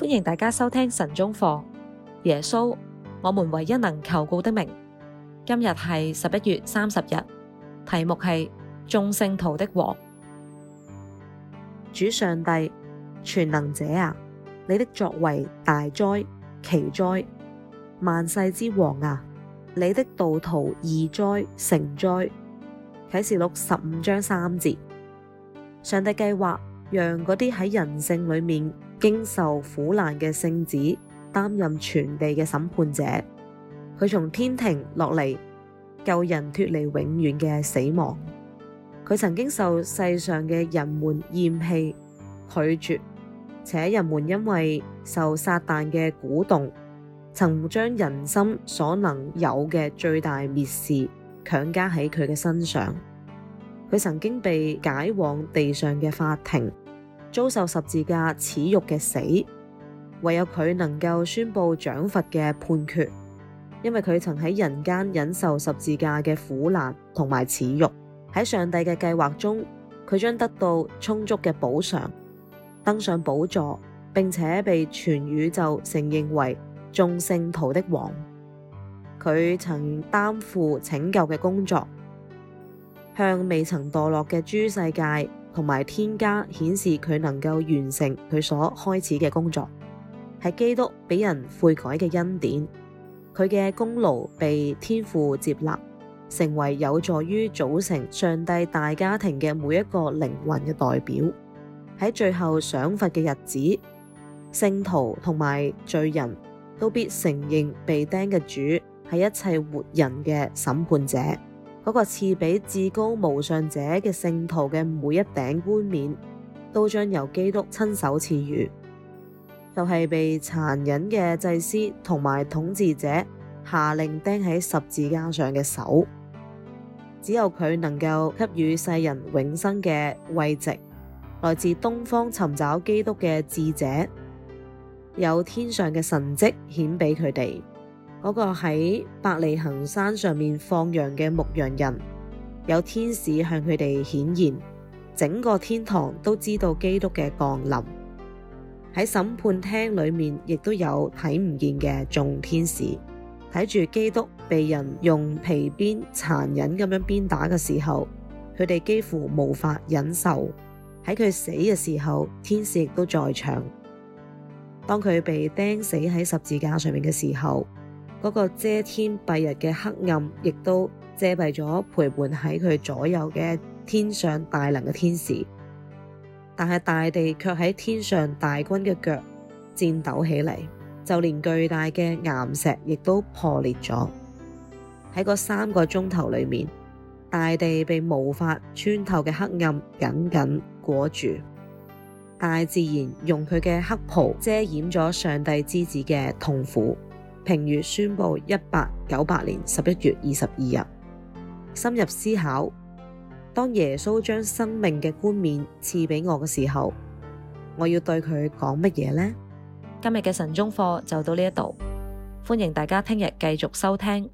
歡迎大家收聽晨鐘課，耶穌，我們唯一能求告的名。今日係十一月三十日，題目係眾聖徒的王，主上帝全能者啊，你的作為大哉奇哉，萬世之王啊，你的道途義哉誠哉。啟示錄十五章三節，上帝計劃讓嗰啲喺人性裏面。經受苦難嘅聖子，擔任全地嘅審判者。佢從天庭落嚟，救人脱離永遠嘅死亡。佢曾經受世上嘅人們厭棄、拒絕，且人們因為受撒旦嘅鼓動，曾將人心所能有嘅最大蔑視強加喺佢嘅身上。佢曾經被解往地上嘅法庭。遭受十字架恥辱嘅死，唯有佢能夠宣布獎罰嘅判決，因為佢曾喺人間忍受十字架嘅苦難同埋恥辱。喺上帝嘅計劃中，佢將得到充足嘅補償，登上寶座，並且被全宇宙承認為眾聖徒的王。佢曾擔負拯救嘅工作，向未曾墮落嘅諸世界。同埋添加顯示佢能夠完成佢所開始嘅工作，係基督俾人悔改嘅恩典，佢嘅功勞被天父接納，成為有助於組成上帝大家庭嘅每一個靈魂嘅代表。喺最後賞罰嘅日子，聖徒同埋罪人都必承認被釘嘅主係一切活人嘅審判者。嗰個賜俾至高無上者嘅聖徒嘅每一頂冠冕，都將由基督親手賜予。就係、是、被殘忍嘅祭司同埋統治者下令釘喺十字架上嘅手，只有佢能夠給予世人永生嘅慰藉。來自東方尋找基督嘅智者，有天上嘅神蹟顯俾佢哋。嗰個喺百里行山上面放羊嘅牧羊人，有天使向佢哋顯現，整個天堂都知道基督嘅降臨。喺審判廳裏面，亦都有睇唔見嘅眾天使睇住基督被人用皮鞭殘忍咁樣鞭打嘅時候，佢哋幾乎無法忍受。喺佢死嘅時候，天使亦都在場。當佢被釘死喺十字架上面嘅時候，嗰個遮天蔽日嘅黑暗，亦都遮蔽咗陪伴喺佢左右嘅天上大能嘅天使。但係大地卻喺天上大軍嘅腳顫抖起嚟，就連巨大嘅岩石亦都破裂咗。喺嗰三個鐘頭裏面，大地被無法穿透嘅黑暗緊緊裹住，大自然用佢嘅黑袍遮掩咗上帝之子嘅痛苦。評閱宣報，一八九八年十一月二十二日。深入思考，當耶穌將生命嘅冠冕賜俾我嘅時候，我要對佢講乜嘢呢？今日嘅神中課就到呢一度，歡迎大家聽日繼續收聽。